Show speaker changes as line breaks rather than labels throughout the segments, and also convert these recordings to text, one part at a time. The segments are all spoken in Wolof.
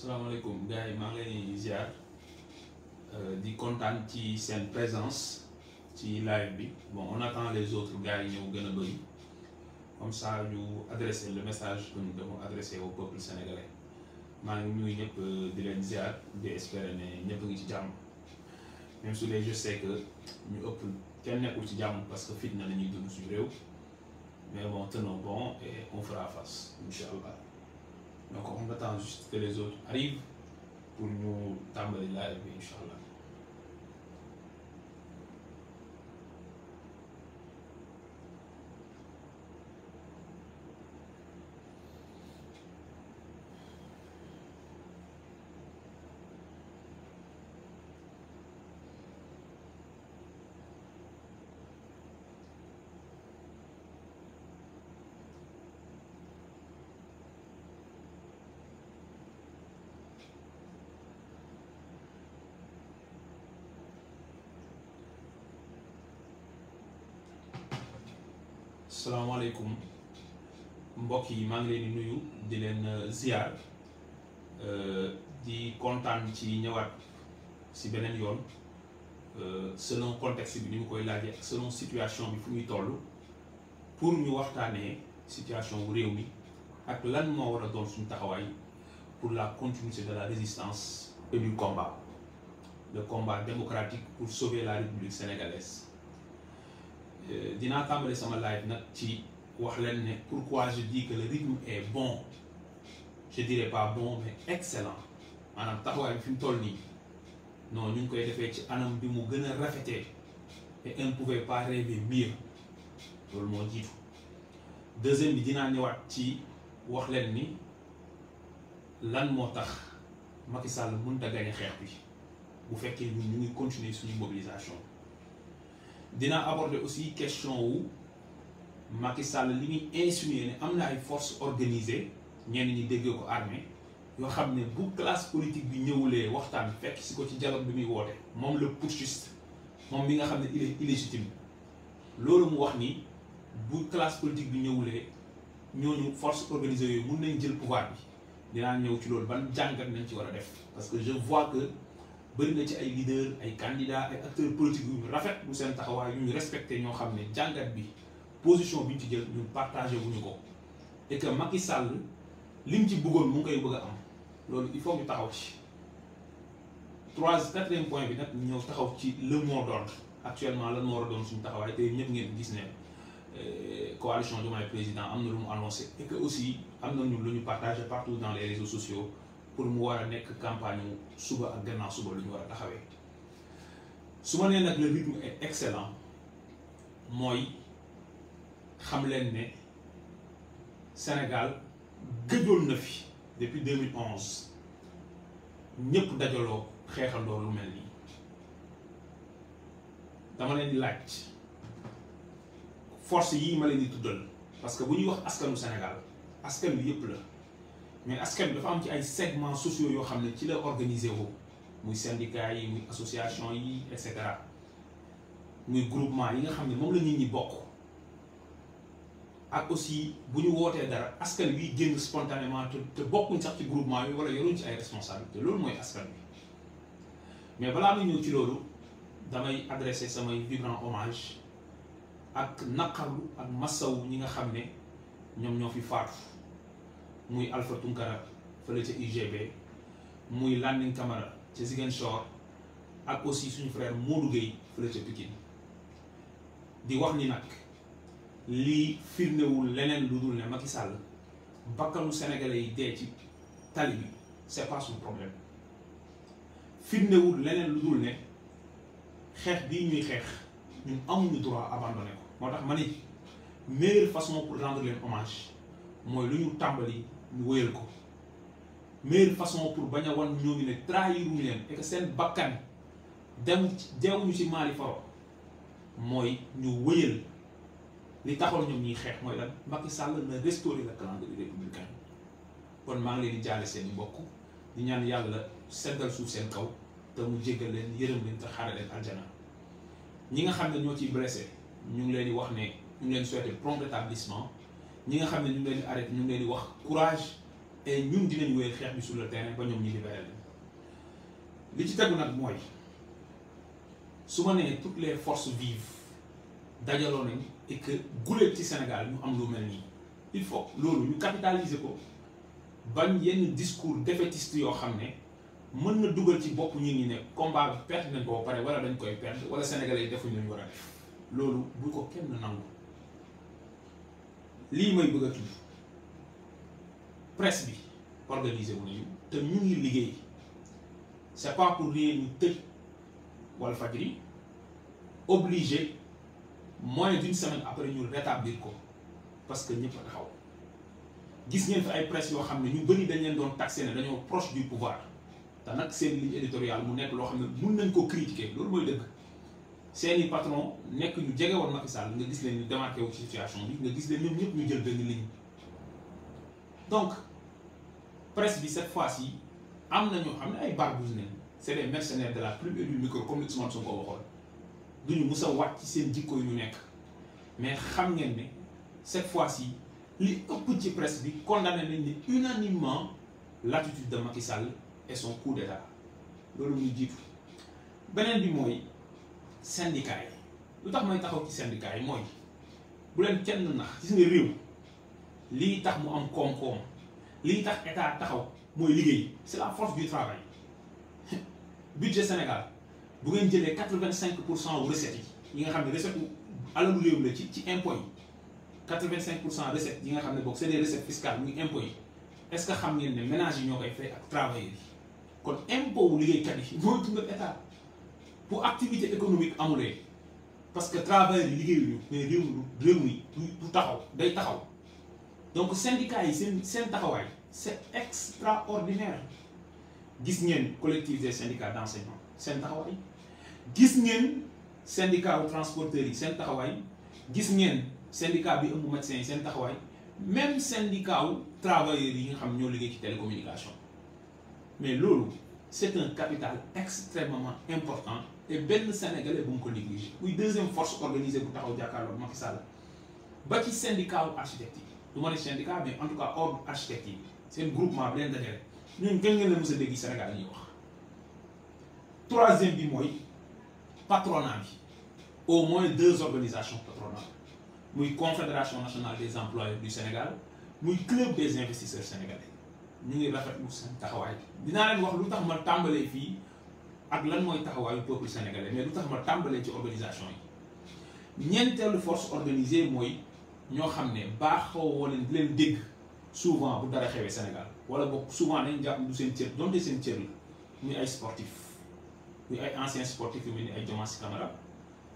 salaamaaleykum gars yi maa ngi leen di ziar euh, di kontaan ci seen présence ci live bi bon on attend les autres gars yi ñëw gën a bëri comme ça ñu adressé le message que nous devons adresser au peuple sénégalais maa ngi nuyu ñëpp euh, di leen ziar di espérer ne ñëpp ngi ci jàmm même su dee je sais que ñu ëpp kenn nekkul ci jàmm parce que fitna la ñuy dund suñu réew mais bon tenons bon et on fera face incha allah. donc on attend juste que les autres arrivent pour ñu tàmbali live bi incha allah. salaamaaleykum mbokk yi maa ngi leen di nuyu di leen euh, ziar euh, di kontaan ci ñëwaat si beneen yoon euh, selon contexte bi ni mu koy laajee ak selon situation bi fu muy toll pour ñu waxtaanee situation wu réew mi ak lan moo war a doon suñu taxawaay pour la continuité de la résistance et du combat le combat démocratique pour sauver la République sénégalaise. Euh, dinaa tàmbali sama live nag ci wax leen ne pourquoi je dis que le bon je dirais pas bon mais excellent maanaam taxawaay bi fi mu toll nii non ñu ngi koy defee ci anam bi mu gën a rafetee et on ne pouvait pas rêver mieux loolu moo jiitu deuxième bi dinaa ñëwaat ci wax leen ni lan moo tax Macky Sall mënut gañe xeex bi bu fekkee ñun ñu ngi continuer suñu mobilisation. dinaa aborder aussi question wu Macky Sall li muy insinuer ne am na ay forces organisées ñenn ñi déggee ko armée yoo xam ne bu classe politique bi ñëwulee waxtaan fekk si ko ci dialogue bi muy woote moom le putschiste moom bi nga xam ne il est illégitime loolu mu wax ni bu classe politique bi ñëwulee ñu force organisée yooyu mun nañ jël pouvoir bi dinaa ñëw ci loolu ban jàngat nañ ci war a def parce que je vois que bëri na ci ay leader ay candidats ay acteurs politiques yu ñu rafet bu seen taxawaay yu ñu respecté ñoo xam ne jàngat bi position bi ñu ci jël ñu partagé wuñu ko et que Macky Sall li ñu ci bëggoon mu ngi koy bëgg a am loolu il faut ñu taxaw ci trois quatrième point bi nag ñëw taxaw ci le mot d'ordre actuellement lan moo war doon suñu taxawaay te ñëpp ngeen gis ne euh, coalition Diomaye président am na lu mu annoncé et aussi am na ñu lu ñu partagé partout dans les réseaux sociaux pour mu war a nekk campagne mu suba ak gannaaw suba lu ñu war a taxawee su ma nee nag le rythme est excellent mooy xam leen ne Sénégal gëjoon na fi depuis 2011 ñëpp dajaloo xeexandoo lu mel nii dama leen di laaj force yii ma leen tuddal parce que bu ñuy wax askanu Sénégal askan bi yëpp la. mais askan bi dafa am ci ay segments sociaux yoo xam ne ci la organisé woo muy syndicat yi muy association yi et cetera muy groupement yi nga xam ne moom la nit ñi bokk ak aussi bu ñu wootee dara askan wi génn spontanément te te bokkuñ sax ci groupement yi wala yoruñ ci ay responsabilité loolu mooy askan bi mais balaa ma ñëw ci loolu damay adressé samay vibrant hommage ak naqarlu ak massawu ñi nga xam ne ñoom ñoo fi faatu muy alfa Tunkara fële ca UGB muy Landing Camara ca Ziguinchor ak aussi suñu frère Modou Gueye fële ca Pikine di wax ni nag lii firndewul leneen lu dul ne Macky Sall bakkanu sénégalais yi dee ci tali bi c'est problème firndewul leneen lu dul ne xeex bi ñuy xeex ñu amuñu droit abandonné ko moo tax ma ni meilleure façon pour rendre leen hommage mooy lu ñu tàmbali ñu wóyal ko meilleure façon pour bañ a wan ñooñu ne trahiruñu leen et seen bakkan dem deewuñu ci maali faro mooy ñu wóyal li taxoon ñoom ñuy xeex mooy lan Macky Sall na restaurer le calendrier républicain kon maa ngi leen jaale seen mbokk di ñaan yàlla seddal suuf seen kaw te mu jéggal leen yërëm leen te xaare leen ñi nga xam ne ñoo ciy blessé ñu ngi leen di wax ne ñu ngi leen souhaiter prompt rétablissement ñi nga xam ne ñu ngi leen di arrêté ñu ngi leen di wax courage et ñun dinañ wéyal xeex bi sur le terrain ba ñoom ñu libéré leen li ci tegu nag mooy su ma nee toutes les forces vives dajaloo nañ et que guléet ci Sénégal ñu am lu mel nii il faut loolu ñu capitaliser ko bañ yenn discours défaitiste yoo xam ne mën na dugal ci bopp ñu ngi ne combat perte nañ ko ba pare wala dañ koy perte wala sénégalais yi defuñ lu war a def loolu bu ko kenn nangu. lii may bëgg a tudd presse bi organiser wu nañu te ñu ngi liggéey c'est pas pour rien ñu tëj Walfadjri obligé du d'une semaine après ñu rétablir ko parce que ñëpp a taxaw gis ngeen fi ay presse yoo xam ne ñu bëri dañ leen doon taxé ne dañoo proche du pouvoir te nag seen ligne éditoriale mu nekk loo xam ne mun nañ ko critiquer loolu mooy dëgg. seeni patron nekk ñu jege ma Macky Sall nga gis leen ñu démarqué wu ci situation bi nga gis leen ñoom ñëpp ñu jël benn ligne donc presse bi cette fois ci am na ñoo xam ne ay barbouze ne c'est des mercenaires de la plume et du micro comme li Ousmane Sonko waxoon duñu mus a wàcc ci seen jikko yu ñu nekk mais xam ngeen ne cette fois ci li ëpp ci presse bi condamné nañ ne unanimement l'attitude de Macky Sall et son coup d'état loolu muy jiitu beneen bi mooy. syndicat yi lu tax may taxaw ci syndicat yi mooy bu leen kenn nax gis nga réew lii tax mu am koom-koom lii tax état taxaw mooy liggéey c'est la force du travail budget Sénégal bu ngeen jëlee quatre-vingt-cinq pour cent recettes yi yi nga xam ne recette alalu réew la ci ci impôt yi quatre-vingt-cinq pour cent recettes yi nga xam ne boo c'est des recettes fiscales muy impôt yi est-ce que xam ngeen ne ménages yi ñoo koy fay ak travailleurs yi kon impôt wu liggéeykat mooy dundal état bu activité économique amulee parce que travailleurs yi liggéeyuñu mais réew mi réew mi du taxaw day taxaw donc syndicats yi seen seen taxawaay c'est extraordinaire gis ngeen collectif des syndicats d'enseignants seen taxawaay gis ngeen syndicat wu transporteurs yi seen taxawaay gis ngeen syndicat bi ëmb médecins yi seen taxawaay même syndicat wu travailleurs yi nga xam ñoo liggéey ci télécommunication mais loolu c'est un capital extrêmement important e benn sénégalais bu mu ko négligé muy deuxième force organisée bu taxaw jàkkaarloog Macky Sall ba ci syndicat wu architecte yi du ma ne syndicat mais en tout cas ordre architecte yi seen groupement bi leen dajale ñun gën ngeen la mos a dégg Sénégal ñuy bi mooy patronat bi au moins deux organisations patronales muy confédération nationale des employeurs du Sénégal muy club des investisseurs sénégalais ñu ngi rafetlu seen taxawaay dinaa ak lan mooy taxawaayu peuple sénégalais mais lu tax ma tàmbalee ci organisation yi ñeenteelu force organisée mooy ñoo xam ne baaxoo woo leen di leen dégg souvent bu dara xewee Sénégal wala boog souvent dañ jàpp du seen cër donte seen cër la muy ay sportif muy ay anciens sportifs yu mel ni ay Diomass Camara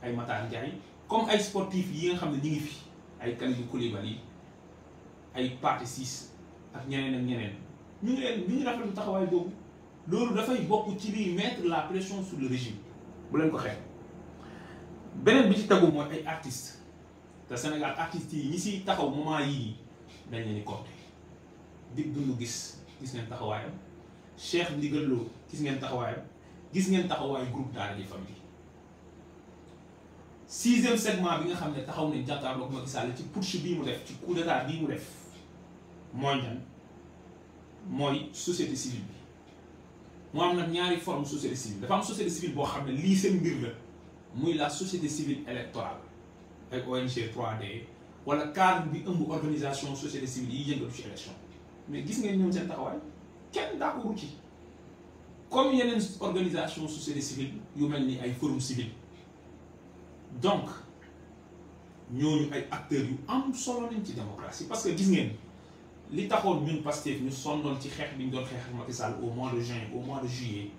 ay Matar Ndiaye comme ay sportif yi nga xam ne ñu ngi fi ay Kalidou Koulibaly ay Pathé Ciss ak ñeneen ak ñeneen ñu ngi leen ñu ngi rafetlu taxawaay loolu dafay bokk ci liy mettre la pression sur le régime bu leen ko xeex beneen bi ci tagu mooy ay artistes te Sénégal artistes yi ñi siy taxaw moment yii dañ leen di compter dig dund gis gis ngeen taxawaayam Cheikh Ndigal Lo gis ngeen taxawaayam gis ngeen taxawaayu groupe Daara di famille sixième segment bi nga xam ne taxaw nañ jàkkaarloog Macky Sall ci putsch bii mu def ci coup d'état bii mu def mooy ñan mooy société civile bi. mu am nag ñaari forme société civile dafa am société civile boo xam ne lii seen mbir la muy la société civile électorale ay ONG 3D wala cadre bi ëmb organisation société civile yi yëngatu ci élection mais gis ngeen ñoom seen taxawaay kenn d'accord ci comme yeneen organisation société civile yu mel ni ay forum civil donc ñooñu ay acteurs yu am solo lañ ci démocratie parce que gis ngeen li taxoon ñun Pastef ñu sonnoon ci xeex bi ñu doon xeex ak Macky au mois de juin au mois de juillet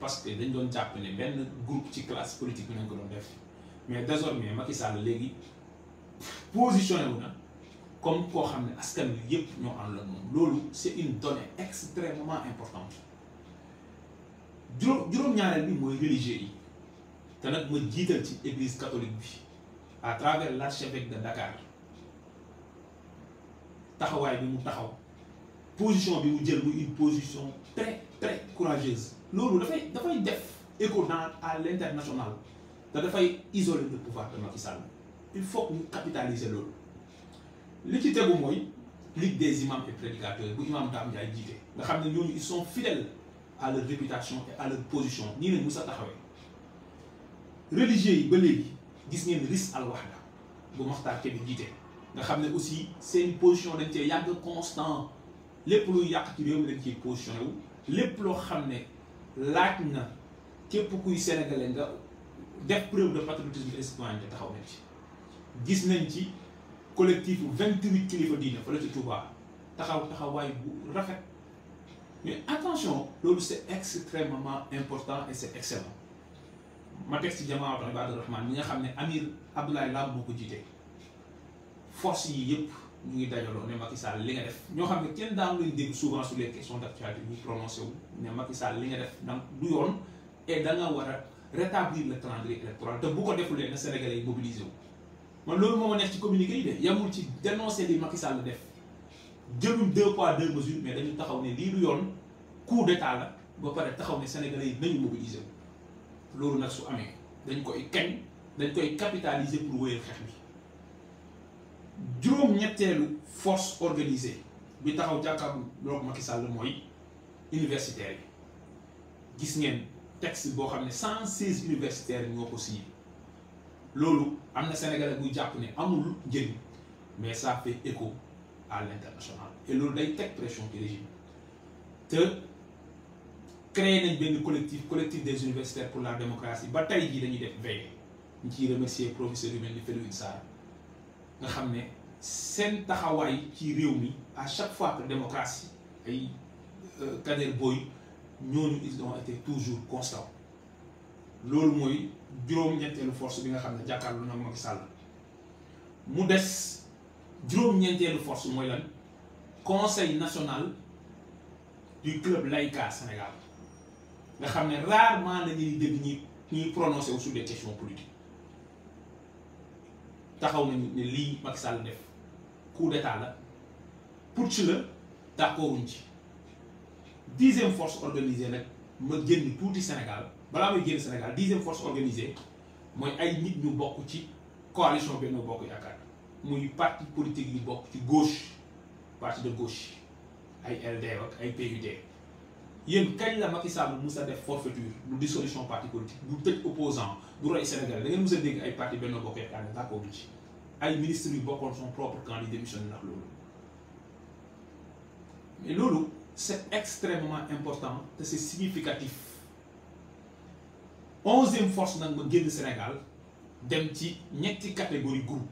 parce que dañ doon jàpp ne benn groupe ci classe politique bi nañ ko doon def mais désormais Macky Sall léegi positionné wu comme koo xam ne askan wi yëpp ñoo am la moom loolu c'est une donnée extrêmement importante juróom juróom-ñaareel bi mooy religieux yi te nag ma jiital ci église catholique bi à travers l'archevêque de Dakar taxawaay bi mu taxaw position bi mu jël bu une position très très courageuse loolu dafay dafay def écho dans à l' international dafay isoler le pouvoir de Macky Sall il faut que ñu capitaliser loolu li ci tegu mooy ligue des imams et prédicateurs bu imam Dame Ndiaye jiite nga xam ne ñooñu ils sont fidèles à leur réputation et à leur position nii lañ mus a taxawee religieux yi ba léegi gis ngeen risque al waxda bu Maxtaar Kebe jiite nga xam ne aussi seen position dañ cee yàgg constant lépp luy yàq ci réew mi ci ciy lépp loo xam ne laaj na képp kuy sénégalais nga def preuve de patriotisme et citoyenneté taxaw nañ ci gis nañ ci collectif vingt-huit kilifa diine fa la ci Touba taxaw taxawaay bu rafet mais attention loolu c'est extrêmement important et c'est excellent ma teg ci jamaa Ibaadu Rahmaan mi nga xam ne Amir Abdoulaye Lam moo ko jiite force yi yëpp ñu ngi dajaloo ne Macky Sall li nga def ñoo xam ne kenn daan lañ dégg souvent sur les questions d'actualité ñu prononcé wu ne Macky Sall li nga def donc du yoon et da nga war a rétablir le calendrier électoral te bu ko defulee na Sénégalais yi mobilisé wu man loolu moo ma neex ci communiqué yi de yamul ci dénoncé li Macky Sall def jëluñ deux poids deux mesures mais dañu taxaw ne lii lu yoon coup de la ba pare taxaw ne Sénégalais yi nañu mobilisé loolu nag su amee dañ koy kañ dañ koy capitaliser pour juróom-ñetteelu force organisée bi taxaw jàkkaarloog Macky Sall mooy universitaires yi gis ngeen texte boo xam ne cent seize universitaires ñoo ko signé loolu am na Sénégalais buy jàpp ni amul njëriñ mais ça fait écho à l'international et loolu day teg pression ci régime te créé nañ benn collectif collectif des universitaires pour la démocratie ba tey jii dañuy def veille ñu ciy remercier professeur yu mel ni Felwine Sarr nga xam ne seen yi ci réew mi à chaque fois que démocratie ay euh, Kader Boye ñooñu ils ont été toujours constants loolu mooy juróom-ñeenteelu force bi nga xam ne jàkkaarloo na Macky Sall mu des juróom-ñeenteelu force mooy lan conseil national du club laïque Sénégal nga xam ne rarement la ñuy dégg ñi ñuy prononcé wu sur des taxaw nañu ne lii Macky Sall def de d'état la putsch la d'accorduñ ci dixième force organisée nag ma génn tuuti Sénégal balaa may génn Sénégal dixième force organisée mooy ay nit ñu bokk ci coalition Benno Bokk Yaakaar muy parti politique yi bokk ci gauche parti de gauche ay LD ak ay PUD. yéen kañ la Macky Sall mus a def forfaiture bu dissolution parti politique bu tëj opposant bu roy Sénégal da ngeen mus a dégg ay parti Benno Bokk Yaakaar ne d'accord ci ay ministres yu bokkoon son propre camp di démissionné ndax loolu mais loolu c'est extrêmement important te c'est significatif onzième force nag ma génn Sénégal dem ci ñetti catégorie groupe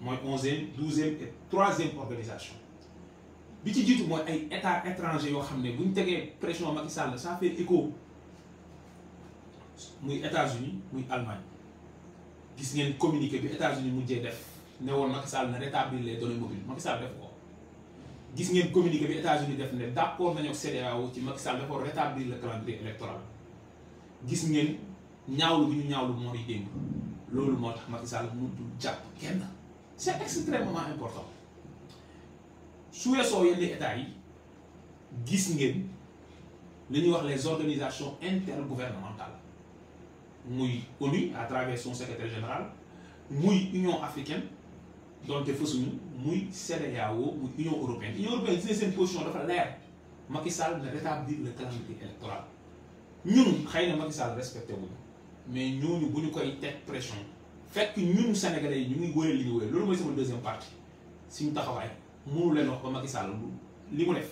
mooy onzième douzième et troisième organisation bi ci jiitu mooy ay état étranger yoo xam ne bu ñu tegee pression Macky Sall ça fait écho muy États-Unis muy Allemagne gis ngeen communiqué bi États-Unis mujjee def ne woon Macky Sall na rétablir les données mobiles def ko gis ngeen communiqué bi États-Unis def ne d'accord nañu ak CEDEAO ci Macky Sall dafa rétablir le calendrier électoral gis ngeen ñaawlu bi ñu ñaawlu moo di démb loolu moo tax Macky Sall mënul jàpp kenn c'est extrêmement important. su weesoo yenn état yi gis ngeen li ñuy wax les organisations intergouvernementales muy ONU à travers son secrétaire général muy Union africaine donte fasuñu muy CEDEAO muy Union européenne Union européenne gis seen position dafa leer Macky Sall na rétablir le calendrier électoral ñun xëy na Macky Sall respecté wuñu mais ñooñu bu ñu koy teg pression fekk ñun sénégalais yi ñu ngi wóyal li ñu wóyal loolu mooy sama deuxième partie suñu taxawaay. mënu leen wax ba Macky Sall li mu def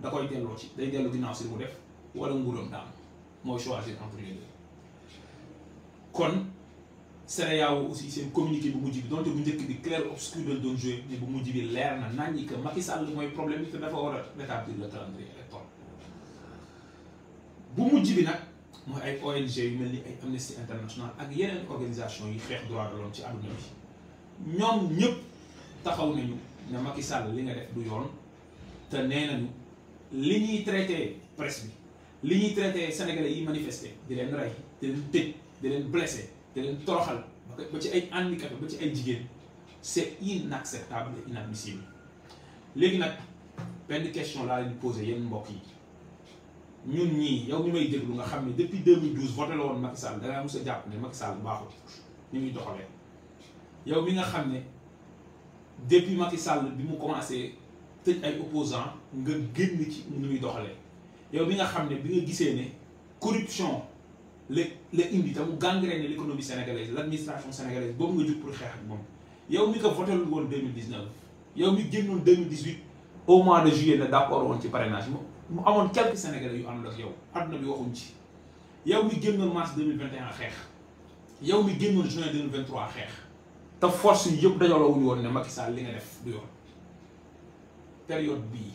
da koy delloo ci day delloo ginnaaw si li mu def wala nguuram daam mooy choisir entre les deux kon CEDEAO aussi seen communiqué bu mujj bi donte bu njëkk bi clair obscur dañ doon joué mais bu mujj bi leer na nañ ñi que Macky Sall mooy problème bi te dafa war a rétablir le calendrier électoral bu mujj bi nag mooy ay olg yu mel ni ay Amnesty International ak yeneen organisation yi feex droit de l'homme ci àdduna bi ñoom ñépp taxaw nañu. ne Macky Sall li nga def du yoon te nee nañu li ñuy traité presse bi li ñuy traité sénégalais yi manifester di leen rey di leen tëj di leen blessé di leen toroxal ba ci ay handicapé ba ci ay jigéen c'est inacceptable et inadmissible léegi nag benn question laa leen posé yéen mbokk yi ñun ñii yow ñu may déglu nga xam ne depuis 2012 voté la woon Macky Sall da ngaa jàpp ne Macky Sall baaxul ni muy doxalee yow mi nga xam ne. depuis Macky Sall bi mu commencé tëj ay opposants nga génn ci nu muy doxalee yow bi nga xam ne bi nga gisee ne corruption la la indi te mu gangréné l'économie sénégalaise l'administration sénégalaise boobu nga jug pour xeex ak moom yow mi ko votelul woon deux mille dix neuf yow mi génnoon au mois de juillet ne d'accord woon ci parrainage mu mu amoon quelques sénégalais yu àndul ak yow àdduna bi waxuñ ci yow mi génnoon mars mille vingt et xeex yow mi génnoon juin deux mille xeex. te force yi yëpp dajaloo wuñu woon ne Macky Sall li nga def du yoon période bii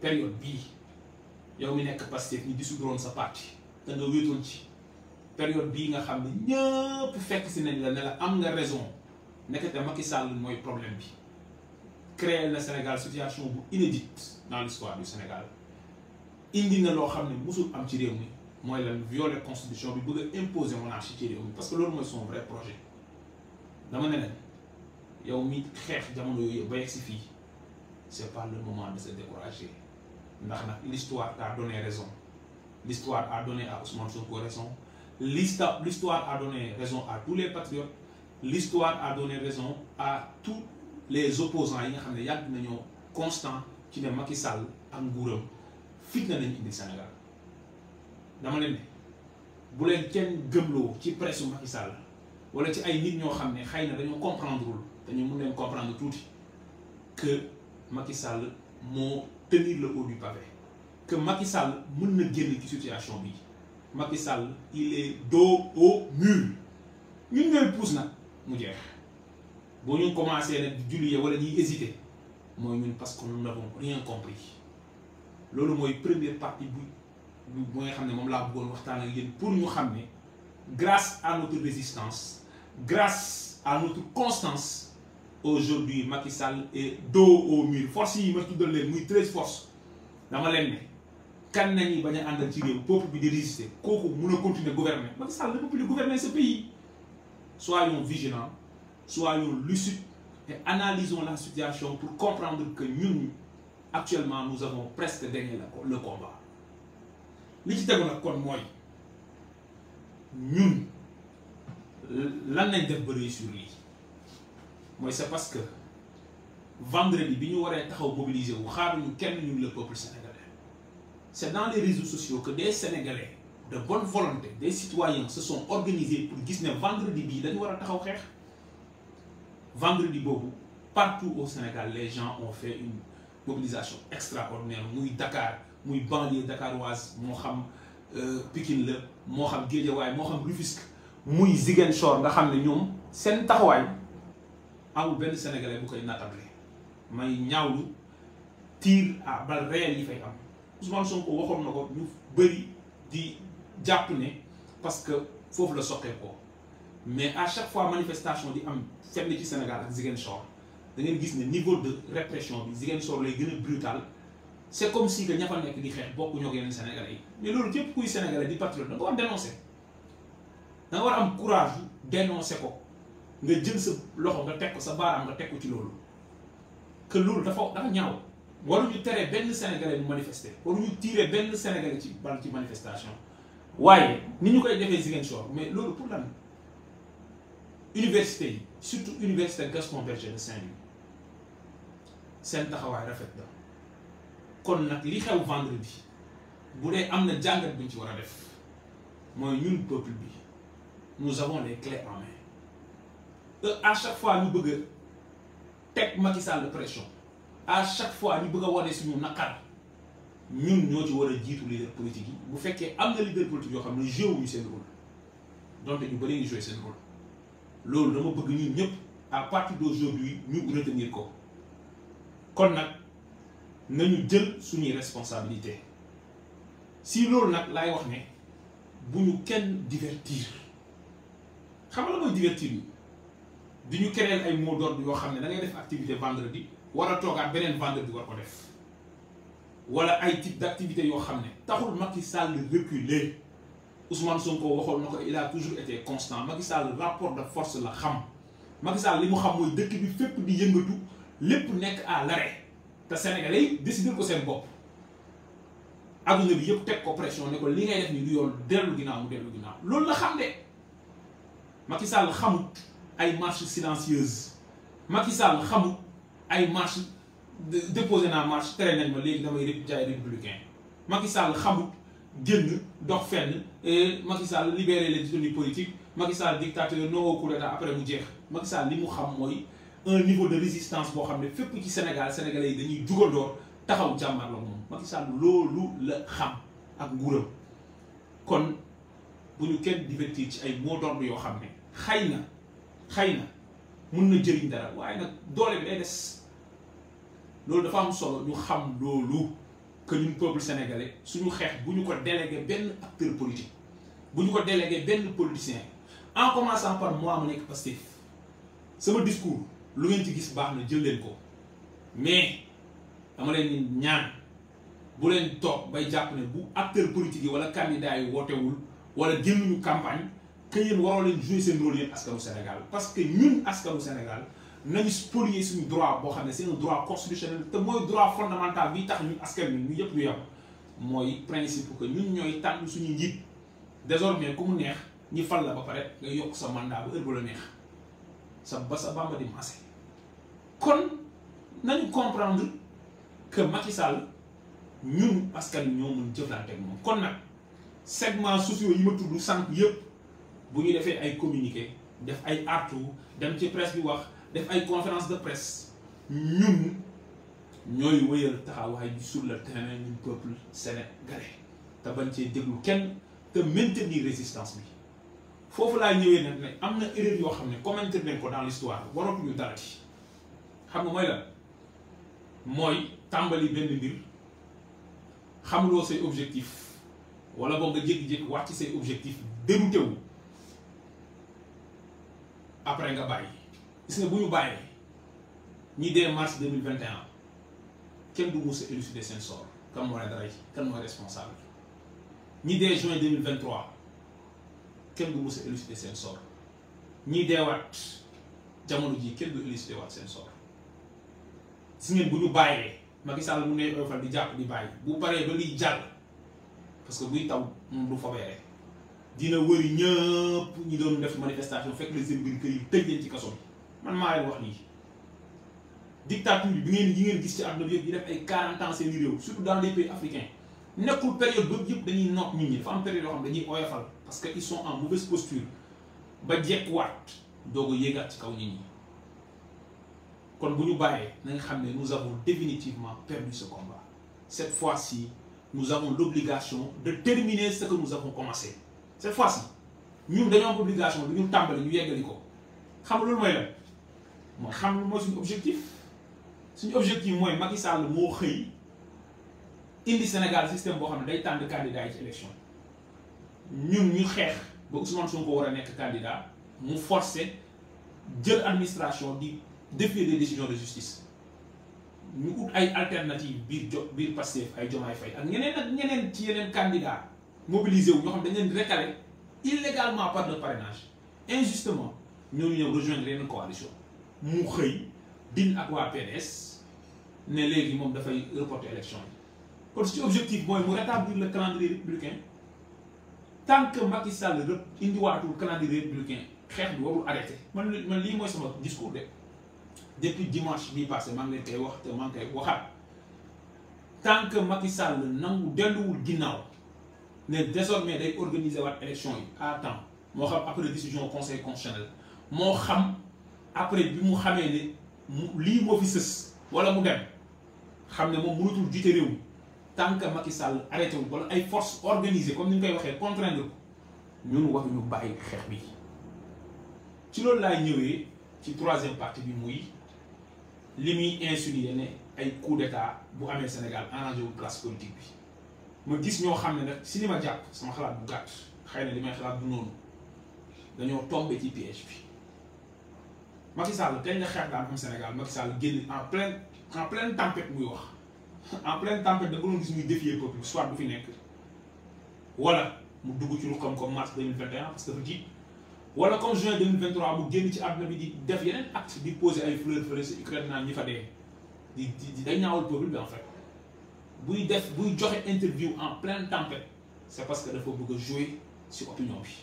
période bii yow ngi nekk Pastef ñu gisu doon sa parti da nga wéetoon ci période bii nga xam ne ñëpp fekk si nañ la ne la am nga raison nekkate Macky Sall mooy problème bi créé na Sénégal situation bu inédite dans l'histoire du Sénégal indi na loo xam ne musul am ci réew mi mooy lan violer constitution bi bëgg a imposer ci réew mi parce que loolu mooy son vrai projet dama ne leen yow mi xeex jamono yooyu ba yegg si fii c'est pas le moment de se décourager ndax nag l'histoire t'a donné raison l'histoire à donné à Ousmane Sonko raison l'histoire a donné raison à tous les patriotes l'histoire a donné raison à tous les opposants yi nga xam ne yàgg nañoo constant ci ne Macky Sall ak nguuram fitna nañu indi Sénégal dama leen ne bu leen kenn gëmloo ci presse Macky Sall wala ci ay nit ñoo xam ne xëy na dañoo comprendre wul dañoo mun leen comprendre tuuti que Macky Sall moo tenir le haut du pavé que Macky Sall mën na génn ci situation bi Macky Sall il est dos au mur ñun ñooy pousse nag mu jeex boo ñu commencé nag di julli wala ñuy hésiter mooy ñun parce que nous n'avons rien compris loolu mooy première partie bu bu nga xam ne moom laa bëggoon waxtaan ak yéen pour ñu xam ne grâce à notre résistance grace à notre constance aujourd'hui Macky Sall est dos au mur force yi ma tuddal leen muy treize force dama leen ne kan nañu bañ a àndal ci réew peuple bi di résister kooku mun a continuer gouverner Macky Sall le peuple di gouverner ce pays soyons vigilants soyons lucides et analysons la situation pour comprendre que ñun actuellement nous avons presque gagné le combat li ci te nag kon mooy ñun lan lañ def ba réussir lii mooy c'est parce que vendredi bi ñu waree taxaw mobiliser wu xaaruñu kenn ñun le peuple sénégalais c'est dans les réseaux sociaux que des sénégalais de bonne volonté des citoyens se sont organisés pour gis ne vendredi bii dañu war a taxaw xeex vendredi boobu partout au Sénégal les gens ont fait une mobilisation extraordinaire muy dakaar muy banlieue dakaroise moo xam euh, Pikine la moo xam Guédiawaye moo xam Rufisque muy Ziguinchor nga xam ne ñoom seen taxawaay amul benn sénégalais bu koy nattable may ñaawlu tir à balles réelles yi fay am Ousmane Sonko waxoon na ko ñu bëri di jàpp ne parce que foofu la soqee ko mais à chaque fois manifestation di am fenn ci Sénégal ak Ziguinchor da ngeen gis ne niveau de répression bi Ziguinchor lay gën a brutal c'est comme si que ña fa nekk di xeex bokku ñoo yeneen sénégalais yi mais loolu képp kuy sénégalais di patriote da da nga war a am courage dénoncer ko nga jël sa loxo nga teg ko sa baaraam nga teg ko ci loolu que loolu dafa dafa ñaaw waruñu tere benn sénégalais bu manifester waruñu tirer benn sénégalais ci bal ci manifestation waaye ni ñu koy defee Ziguinchor mais loolu pour lan université yi surtout université Gaston Berger de Saint-Louis seen taxawaay rafet la kon nag li xew vendredi bu dee am na jàngat buñ ci war a def mooy ñun peuple bi. nous avons les clés en main te à chaque fois ñu bëgg a teg Macky Sall pression à chaque fois ñu bëgg a wane suñu naqar ñun ñoo ci war a jiitu leader politique yi bu fekkee am na leader politique yoo xam ne joué wuñu seen rôle donte ñu bëri ñu joué seen rôle loolu dama bëgg ñun ñëpp à partir d'aujourd'hui ñu retenir ko kon nag nañu jël suñuy responsabilité si loolu nag lay wax ne bu ñu kenn divertir xam nga la mooy divertir ñu di ñu créer ay mot d'ordre yoo xam ne da def activité vendredi war a toogaat beneen vendredi war ko def wala ay type d' activité yoo xam ne taxul Macky Sall reculer Ousmane Sonko waxoon na ko il a toujours été constant Macky Sall rapport de force la xam Macky Sall li mu xam mooy dëkk bi fépp di yëngatu lépp nekk à l'arrêt te Sénégalais yi ko seen bopp adduna bi yëpp teg ko pression ne ko li ngay def nii du yoon dellu ginnaaw Macky Sall xamut ay marche silencieuse Macky Sall xamut ay marche déposé naa march tere ma léegi damay rép jaay républicain Macky Sall xamut génn dox fenn eh, Macky Sall libéré les détenus politiques Macky Sall dictateur non au coup d'état après mu jeex Macky Sall li mu xam mooy un niveau de résistance boo xam ne fépp ci Sénégal sénégalais yi dañuy jugandoor taxaw jàmmarloo moom Macky Sall loolu la xam ak nguuram kon bu ñu kenn divertir ci ay mot d'ordre yoo xam ne xay na xëy na mun na jëriñ dara waaye nag doole bi day des loolu dafa am solo ñu xam loolu que ñun peuple su ñu xeex bu ñu ko délégué benn acteur politique bu ñu ko délégué benn politicien en commençant par moi ma nekk Pastef sama discours lu ngeen ci gis baax na jël leen ko mais dama leen ñaan bu leen toog bay jàpp ne bu acteur politique yi wala candidat yi wootewul wala génnuñu campagne que yéen waroo leen jouer seen rôle yéen askanu Sénégal parce que ñun askanu Sénégal nañu spolier suñu droit boo xam ne c'est un droit constitutionnel te mooy droit fondamental bi tax ñun askan wi ñu yëpp ñu yem mooy principe que ñun ñooy tànn suñu njiit désormais ku mu neex ñi fal la ba pare nga yokk sa mandat bu heure la neex sa ba sa bamba di kon nañu comprendre que Macky Sall ñun askan ñoo mun jëflante ak moom kon nag segment sociaux yi ma tudd sànq yépp bu ñu defee ay communiqué def ay artu dem ci presse bi wax def ay conférence de presse ñun ñooy wëyal taxawaay bi sur le terrain ñun peuple sénégalais te bañ cee déglu kenn te maintenir résistance bi foofu laa ñëwee nag ne am na erreur yoo xam ne commenter nañ ko dans l'histoire waratuñu dara ci xam nga mooy lan mooy tàmbali benn mbir xamuloo say objectif wala boo nga jékki-jékki wax ci say objectif dérouté wu après nga bàyyi gis bu ñu bàyyee ñi dee mars deux mille vingt et un kenn du mus a élucider seen sort kan mooy dara kan mooy responsable ñi dee juin deux kenn du mus a élucider seen sort ñi deewaat jamono jii kenn du élucider waat seen sort gis bu ñu bàyyee Macky Sall mu ne oyofal di jàpp di bàyyi bu paree ba liy jàll. parce que buy taw du fobeere dina wëri ñëpp ñu doon def manifestation fekk la seen kër yi tëj leen ci kaso bi man maa leen wax lii dictature bi ngeen yi ngeen gis ci àdduna bi yëpp di def ay 40 ans seeni réew surtout dans les pays africains nekkul période boobu yëpp dañuy noot nit ñi dafa am période yoo xam dañuy oyofal parce que ils sont en mauvaise posture ba jekkuwaat doog a yéegaat ci kaw nit ñi kon bu ñu bàyyee na xam ne nous avons définitivement perdu ce combat cette fois-ci nous avons l'obligation de terminer ce que nous avons commencé cette fois-ci ñun dañoo am obligation bi ñu tàmbali ñu yeggali ko xam nga loolu mooy lan mooy xam lu mooy suñu objectif suñ objectif mooy Macky Sall moo xëy indi Sénégal système boo xam ne day tànn candidat yi ci élection ñun ñu xeex ba Ousmane Sonko war a nekk candidat mu forcé jël administration di défier des décisions de justice ñu ut ay alternative biir jo biir Pastef ay Jomaay Fay ak ñeneen ak ñeneen ci yeneen candidat mobilisé wu ñoo xam dañ leen recalé illégalement par le parrainage injustement ñooñu ñëw rejoindre yeneen coalition mu xëy din ak waa PDS ne léegi moom dafay reporter élection yi kon ci objectif mooy mu rétablir le calendrier républicain tant que Macky Sall rëp indiwaatul calendrier républicain xeex bi warul arrêté man man lii mooy sama discours de depuis dimanche bii passé maa ngi leen koy wax te maa ngi koy waxaat tant que Macky Sall nangu delluwul ginnaaw ne désormais day organiser waat élection yi à temps moo xam après décision conseil constitutionnel moo xam après bi mu xamee ne mu lii moo fi sës wala mu dem xam ne moom mënatul jiite réew mi tant que Macky Sall arrêté wu wala ay forces organisées comme ni ñu koy waxee contraindre ko ñun ñu bàyyi xeex bi ci loolu laay ñëwee ci troisième partie bi muy. li muy insinué ne ay coup d'état bu amee Sénégal arrangé wu classe politique bi ma gis ñoo xam ne nag si li ma jàpp sama xalaat bu gàtt xëy na li may xalaat bu noonu dañoo tombé ci piège bi Macky Sall kañ la xeex daan am Sénégal Macky Sall génn en pleine en pleine tempête muy wax en pleine tempête da nga doon gis muy défier peuple soit du fi nekk wala mu dugg ci lu xam comme mars deux mille vingt et un parce wala comme juin 2023 mu génn ci àdduna bi di def yeneen acte di poser ay fleurs fële si Ukraine naan ñi dee di di day ñaawal peuple bi en buy def buy joxe interview en pleine tempête c'est parce que dafa bëgg a jouer si opinion bi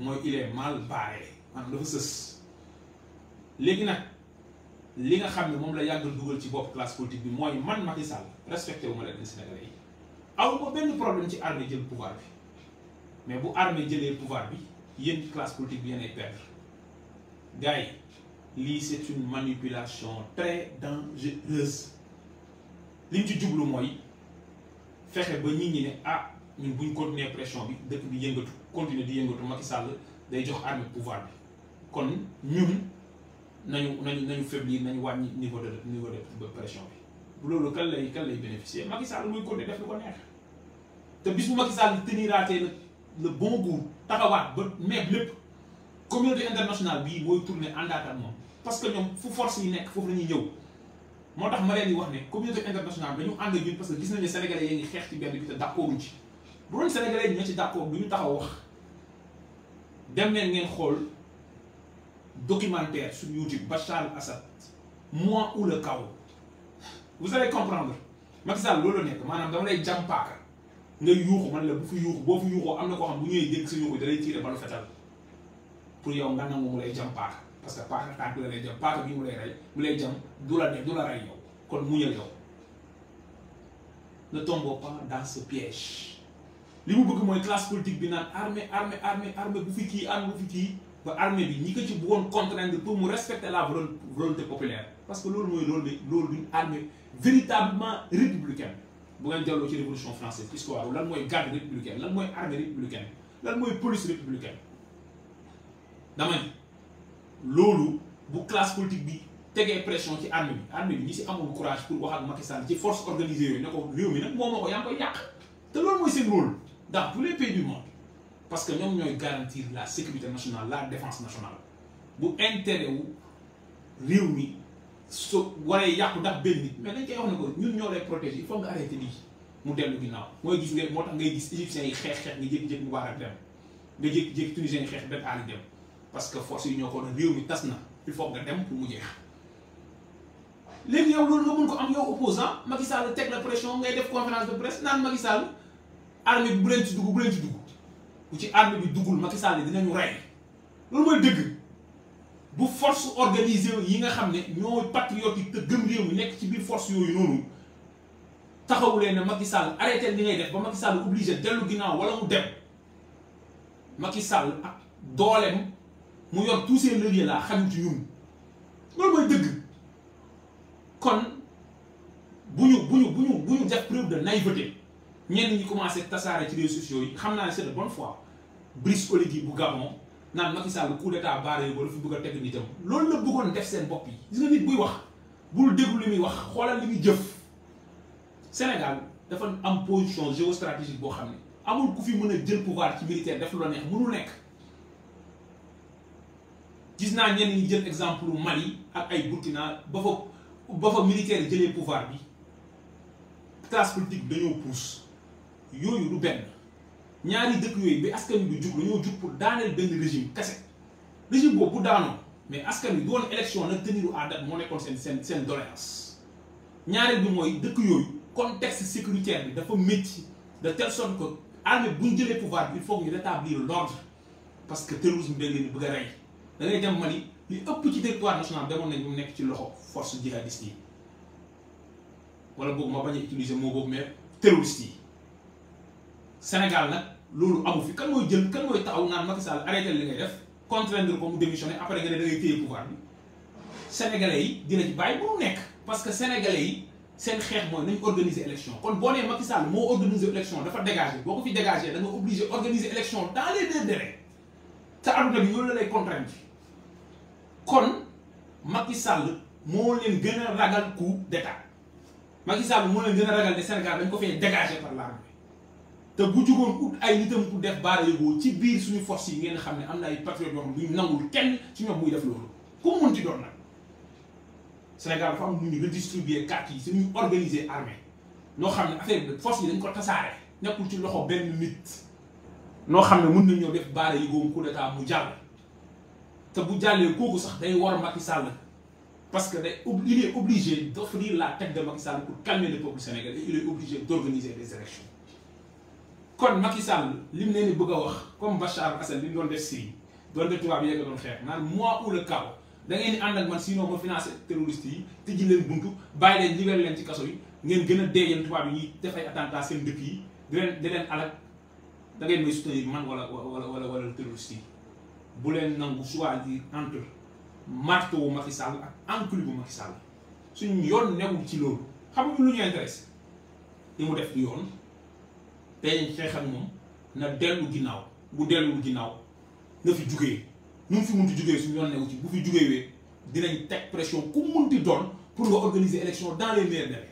mooy il est mal barré maanaam dafa sës léegi nag li nga xam ne moom la yàggal dugal ci bopp classe politique bi mooy man Macky Sall respecté wu ma leen yi aw ma benn problème ci armée jël pouvoir bi mais bu armée jëlee pouvoir bi yéen classe politique bi yéen ay perdre gars yi lii c'est une manipulation très dangereuse liñ ci jublu mooy fexe ba nit ñi ne ah ñun buñ continuer pression bi dëkk bi yëngatu continuer di yëngatu Macky sàll day jox armée pouvoir bi kon ñun nañu nañu nañu faiblir nañu wàññi niveau de niveau de pression bi bu loolu kan lay kan lay bénéficier Macky Sall muy continuer def lu ko neex te bis bu Macky Sall teniraatee nag le bon goût taxawaat ba meeb lépp communauté internationale bii mooy tourné àndaat ak moom parce que ñoom fu force yi nekk foofu la ñuy ñëw moo tax ma leen wax ne communauté internationale dañu ànd ak ñun parce que gis nañu ne sénégalais yi ngi xeex ci benn bi te d'accorduñ ci bu doon sénégalais yi ñoo ci d'accord du ñu taxaw wax dem leen ngeen xool documentaire sur YouTube Bachar Assad moi ou le chaos vous allez comprendre Macky Sall loolu nekk maanaam dama lay jàmpaaka nga yuuxu man la bu fi yuuxu boo fi yuuxoo am na koo xam bu ñëwee dégg sa yuuxu da lay tiire balu fetal pour yow nga nangu mu lay jam paaka parce que paaka taat bi la lay jam paaka bi mu lay rey mu lay jam du la de du la rey yow kon muñal yow ne tombe pas dans ce piège li mu bëgg mooy classe politique bi naan armée armée armée bu fi kii armée bu fi kii ba armée bi ñi ko ci bëggoon contraindre pour mu respecter la volonté populaire parce que loolu mooy loolu bi loolu bu ngeen jàlloo ci révolution française histoire lan mooy garde républicaine lan mooy armée républicaine lan mooy police républicaine dama loolu bu classe politique bi tegee pression ci armée bi armée bi ñi si amul courage pour wax ak Macky Sall ci force organisée yooyu ne ko réew mi nag moom moo ko yaa ngi koy yàq te loolu mooy seen rôle dans tous les pays du monde parce que ñoom ñooy garantir la sécurité nationale la défense nationale bu intérêt wu so waree yàqu ndax benn nit mais dañ koy wax ne ko ñun ñoo lay protéger il faut nga arrêté di mu dellu ginnaaw mooy gis nga moo tax ngay gis égyptiens yi xeex xeex nga jékki-jékki mu waar dem nga jékki-jékki tunisiens yi xeex benn aali dem parce que force yi ñoo ko doon réew mi tas na il faut nga dem pour mu jeex léegi yow loolu nga mun ko am yow opposant Macky Sall teg la pression ngay def conférence de presse naan Macky Sall armée bi bu leen ci dugg bu leen ci dugg bi duggul Macky Sall dinañu rey loolu mooy bu force organisée yi nga xam ne ñoo patriotique te gëm réew mi nekk ci biir force yooyu noonu taxawulee ne Macky Sall arrêté li ngay def ba Macky Sall obligé dellu ginnaaw wala mu dem Macky Sall ak dooleem mu yor tous ces leviers là xam ci ñun loolu mooy dëgg kon bu ñu bu ñu bu ñu bu ñu def preuve de naïveté ñeen ñi commencé tasaare ci réseaux sociaux yi xam naa ne c'est de bonne foi Brice Oligui bu Gabon. naan Macky Sall coup d'état baare yu ko dafa bëgg a teg nitam loolu la bëggoon def seen bopp yi gis nga nit buy wax bul déglu li muy wax xoolal li muy jëf Sénégal dafa am position géostratégique boo xam ne amul ku fi mun a jël pouvoir ci militaire def lu la neex mënul nekk gis naa ñenn ñi jël exemple yi ak ay Burkina ba fa ba fa militaire jëlee pouvoir bi classe politique dañoo pousse yooyu du benn ñaari dëkk yooyu bi askan wi bu jug dañoo jug pour daaneel benn régime kese régime boobu bu daanoo mais askan wi doon élection nag teniru à date moo nekkoon seen seen seen doléance ñaareel bi mooy dëkk yooyu contexte sécuritaire bi dafa métti de telle sorte que armée bu ñu jëlee pouvoir bi il faut que ñu rétablir parce que terrorisme be da leen bëgg a rey da ngay dem Mali li ëpp ci territoire national demoon nañ mu nekk ci loxo force jihadiste yi wala boog ma bañ a mais terroriste yi Sénégal nag. loolu amu fi kan mooy jël kan mooy taxaw naan Macky Sall arrêté li ngay def contraindre ko mu démissionné après nga ne da ngay pouvoir bi sénégalais yi dina ci bàyyi mu nekk. parce que sénégalais yi seen xeex mooy nañ organiser élection kon boo nee Macky Sall moo organiser élection dafa dégagé boo ko fi dégagé da nga obligé organiser élection dans les deux délais te adduna bi loolu la lay contraindre kon Macky Sall moo leen gën a ragal coup d'état Macky Sall moo leen gën a ragal ne dañ ko fee dégagé par te bu jugoon ut ay nitam ku def baara yëgoo ci biir suñu force yi ngeen xam ne am na ay patriote yoo xam duñ nangul kenn ci ñoom muy def loolu ku mun ci doon nag Sénégal dafa am nu ñu redistribuer carte yi suñuy organiser armée noo xam ne affaire bi force yi dañ ko tasaare nekkul ci loxo benn nit noo xam ne mun na ñoo def baara yëgoom ku d'état mu jàll te bu jàllee kooku sax day war Macky Sall parce que day il est obligé d'offrir la tête de Macky Sall pour calmer le peuple sénégalais il est obligé kon Macky Sall li mu leen bëgg a wax comme Bachar Assane li mu doon def Syrie doon def tubaab yi yegg doon xeex naan moi ou le chaos da ngeen di ànd ak man sinon ma financé terroriste yi tijji leen buntu bàyyi leen libéré leen ci kaso yi ngeen gën a dee yéen tubaab yi ñuy def ay attentat seen dëkk yi di leen di leen alal da ngeen may soutenir man walla wala wala wala terroriste yi bu leen nangu choisir entre marteau wu Macky Sall ak enclume bu Macky Sall suñu yoon newul ci loolu xam nga lu ñu mu def du yoon. tey xeex ak moom na dellu ginnaaw bu dellu ginnaaw na fi jugee nu mu fi munti jugee suñu yoon newu ci bu fi jugeewee dinañ teg pression ku munti doon pour nga organiser élection dans les meilleurs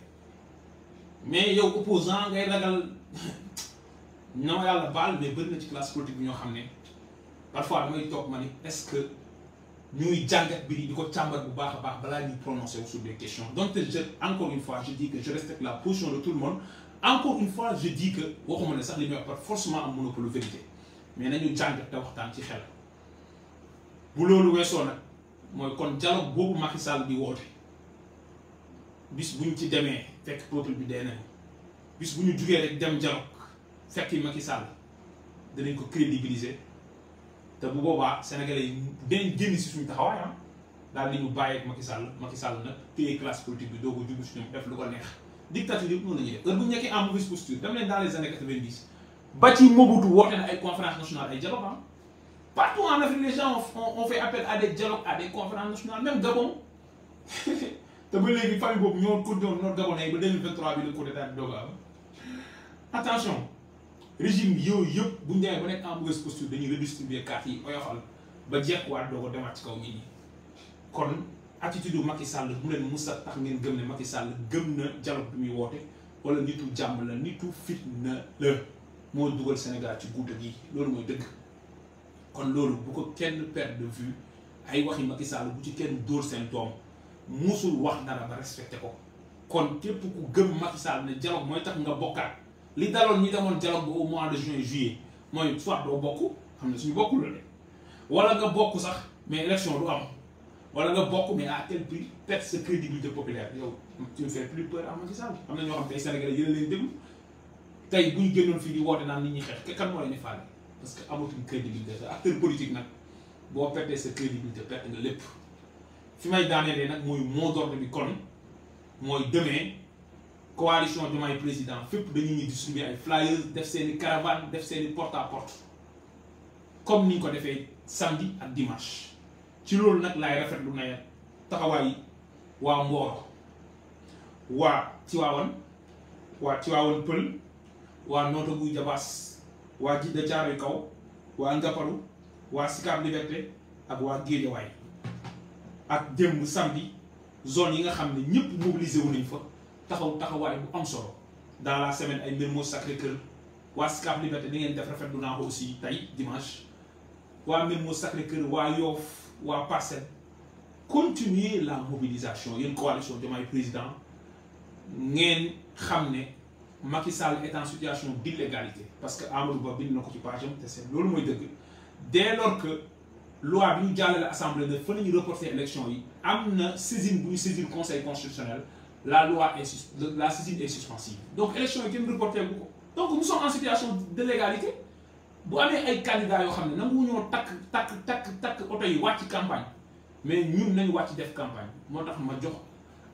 mais yow opposant ngay ragal na ma yàlla baal mais bëri na ci classe politique bi ñoo xam ne parfois damay toog ma ni est-ce que ñuy jàngat bi di ko càmbar bu baax a baax balaa ñuy prononcer wu sur des questions donc je encore une fois je dis que je respecte encore une fois je dis que waxuma ne sax li may wax par forcément am monopole vérité mais nañu jàng te waxtaan ci xel bu loolu weesoo nag mooy kon dialogue boobu Macky Sall di woote bis bu ñu ci demee fekk peuple bi dee nañu bis bu ñu jugee rek dem dialogue fekk Macky Sall danañ ko crédibiliser te bu boobaa sénégalais yi dinañ génn si suñu taxawaay ah, daal di ñu bàyyeeg Macky Sall Macky Sall nag téye classe politique bi doo ko jublu si ñoom def lu ko neex. dictature yëpp noonu la ñuy def heure bu ñu nekkee en mauvaise posture dem leen dans les années 90 ba ci Mobutu woote na ay conférences nationales ay dialogue ah partout en Afrique les gens fait appel à des dialogues à des conférences nationales te ba léegi famille boobu ñoo continué woon Gabonais ba 2023 bi le coup d'état bi doog a am attention régime yooyu yëpp bu ñu demee ba nekk en mauvaise posture dañuy redistribuer carte yi oyofal ba je doo ko demaat ci kaw attitude u Macky Sall bu leen musa tax ngeen gëm ne Macky Sall gëm na dialogue bi muy woote wala nitu jàmm la nitu fitna la moo dugal Sénégal ci guuta gi loolu mooy dëgg kon loolu bu ko kenn perte de vue ay waxi Macky Sall bu ci kenn dóor seen doom musul wax dara ba respecté ko kon képp ku gëm Macky Sall ne dialogue mooy tax nga bokkaat li daloon ñi taxoon dialogue ba au mois de juin juillet mooy soit doo bokk xam ne suñu bokkul la de wala nga bokk sax mais élection du wala nga bokk mais à tel prix perte sa crédibilité populaire yow tu ne fais plus peur à Macky Sall am na ñoo xam tey Sénégalais yéen leen déglu tey bu ñu génnoon fii di woote naan nit ñi xeex te kan moo leen di faale parce que amatuñ crédibilité te acteur politique nag boo pertee sa crédibilité perte nga lépp fi may daanelee nag mooy mot d'ordre bi kon mooy demain coalition Diomaye président fépp dañuy ñuy distribuer ay flyers def seen i def seen i comme ni ko defee samedi ak dimanche. ci loolu nag laay rafetlu na taxawaay waa Mboro waa Tiwaawan waa Tiwaawan Pël waa Notto Gouye Jabaas waa Jidda Caaroy Kaw waa Ngaparu waa Sicap Liberté ak waa Géejawaay ak démb samedi zone yi nga xam ne ñëpp mobilisé wu nañ fa taxaw taxawaay bu am solo dans la semaine ay Mermoz Sacré-Cœur waa Sicap Liberté ni ngeen def rafetlu naa ko aussi tey dimanche waa Mermoz Sacré-Cœur waa Yoff waa Parcelles continuer la mobilisation yéen coalition Diomaye président ngeen xam ne Macky Sall est en situation d'illégalité parce que Amadou Ba bind na ko ci page am te c'est loolu mooy dëgg dès lors que loi bi ñu jàllale assemblée ne fa la ñu reporter élection yi am na saisine bu ñu saisir conseil constitutionnel la loi la saisine est suspensive donc élection yi kenn reporté bu ko donc nous sommes en situation d'illégalité bu amee ay candidats yoo xam ne nangu ñoo takk takk takk takk oto yi wàcc campagne mais ñun nañu wàcc def campagne moo tax ma jox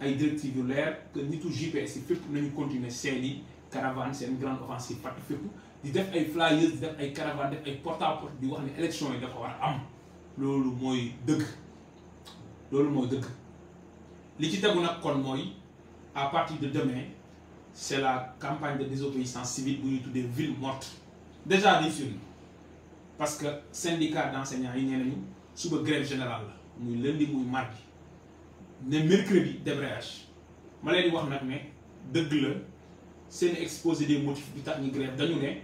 ay directives yu leer que nitu GPS yi fépp nañu continuer seeni i caravane seen grande offensive parti fépp di def ay flyers di def ay caravane def ay porte à di wax ne élection yi dafa war a am loolu mooy dëgg loolu mooy dëgg li ci tegu nag kon mooy à partir de demain c'est la campagne de désobéissance civile bu ñuy tuddee ville morte déjà day firnde parce que syndicat d' enseignants yi nee nañu suba grève générale la muy lundi muy mardi ne mercredi débrayage ma leen wax nag ne dëgg la seen exposé des motifs bi tax ñu grève dañu ne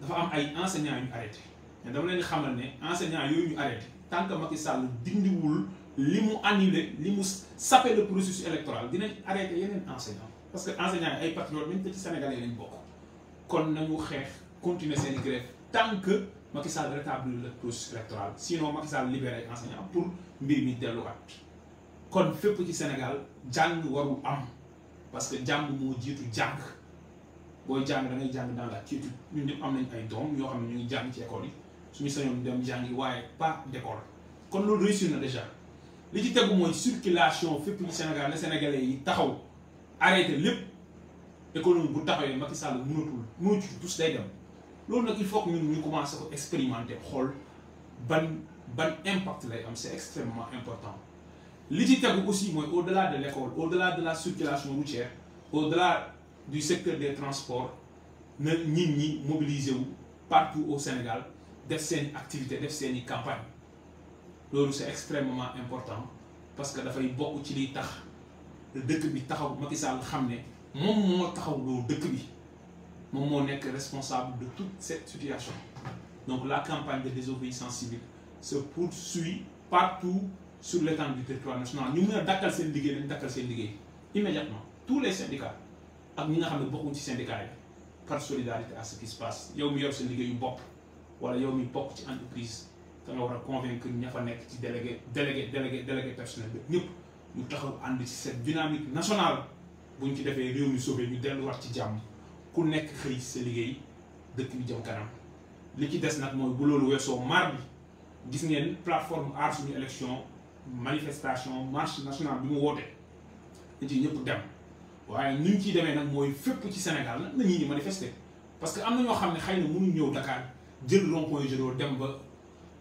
dafa am ay enseignants yu ñu arrêté te dama leen xamal ne enseignants yooyu ñu arrêté tant que Macky Sall dindiwul li mu annulé li mu sapé le processus électoral dinañ arrêté yeneen enseignants parce que enseignants yi ay patriotes même ci Sénégalais lañ bokk kon nañu xeex. continuer seen i grève tant que Macky Sall rétablir le processus électoral sinon Macky Sall libéré ay enseignants pour mbir mi delluwaat kon fépp ci Sénégal jàng warul am parce que jàng moo jiitu jàng booy jàng da ngay jàng dans la quiétude ñun ñëpp am nañ ay doom yoo xam ne ñu ngi jàng ci école yi suñu sañoon dem jàng yi waaye pas d'école kon loolu réussir na déjà li ci tegu mooy circulation fépp ci Sénégal ne Sénégalais yi taxaw arrêté lépp économie bu taxawee Macky Sall mënatul mënatul loolu nag il faut que ñun ñu commencé ko expérimenter xool ban ban impact lay am c'est extrêmement important li ci tegu aussi mooy au-delà de l'école au de la circulation routière au-delà du secteur des transport na nit ñi mobiliser wu partout au Sénégal def seen activité def seen i campagne loolu c'est extrêmement important parce que dafay bokk ci liy tax dëkk bi taxaw Macky Sall xam ne moom moo taxaw loo dëkk bi moom moo nekk responsable de tout cette situation donc la campagne de désobéissance civile se poursuit partout sur l'étendue du territoire national ñu mën a dakkal seen liggéey dañ dakkal seen liggéey immédiatement tous les syndicats ak ñi nga xam ne bokkuñ ci syndicats yi par solidarité à ce qui se passe yow mi yor sa liggéeyu bopp wala yow mi bokk ci entreprise da nga war a convaincre ña fa nekk ci délégué délégué délégué délégué personnel bi ñëpp ñu taxaw ànd ci cette dynamique nationale bu ñu ci defee réew mi sauvé ñu delluwaat ci jàmm. ku nekk xëy sa liggéey dëkk bi jëm kanam li ci des nag mooy bu loolu weesoo mardi gis ngeen plateforme aar suñu élection manifestation marche nationale bi mu woote dañ ci ñëpp dem waaye ni ñu ciy demee nag mooy fépp ci Sénégal nag nañu ñu manifester parce que am na ñoo xam ne xëy na mënuñ ñëw Dakar jël rond point Jet dem ba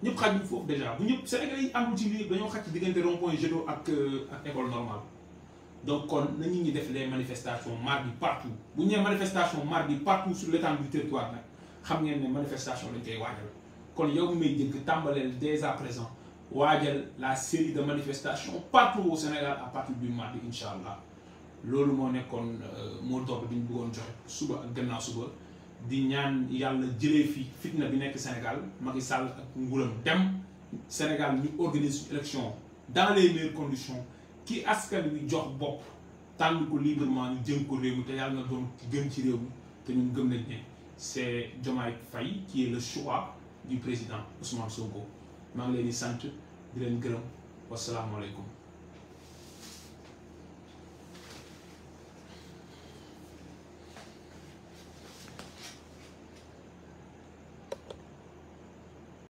ñëpp xaj foofu déjà bu ñëpp Sénégal yi amul ci lii dañoo xaj ci diggante rond point Jet ak euh, ak école normale. donc kon na nit def les manifestations mardi partout bu ñu nee manifestation mardi partout sur l'étendue du territoire nag xam ngeen ne manifestation lañ koy waajal kon yow may jëkk tàmbaleel des à présent waajal la série de manifestation partout au Sénégal à partir du mardi incha allah loolu moo nekkoon euh, moo topp bi ñu bëggoon joxe suba ak gannaaw suba di ñaan yàlla jëlee fii fitna bi nekk Sénégal Macky Sall ak nguuram dem Sénégal ñu organise élection dans les ki askan wi jox bopp tànn ko librement ñu jëm ko réew mi te yàlla na doon ci gën ci réew mi te ñun gëm nañ ne c'est Diomaye Faye qui est le choix du président Ousmane Sonko maa ngi leen di sant di leen gërëm wasalaamualeykum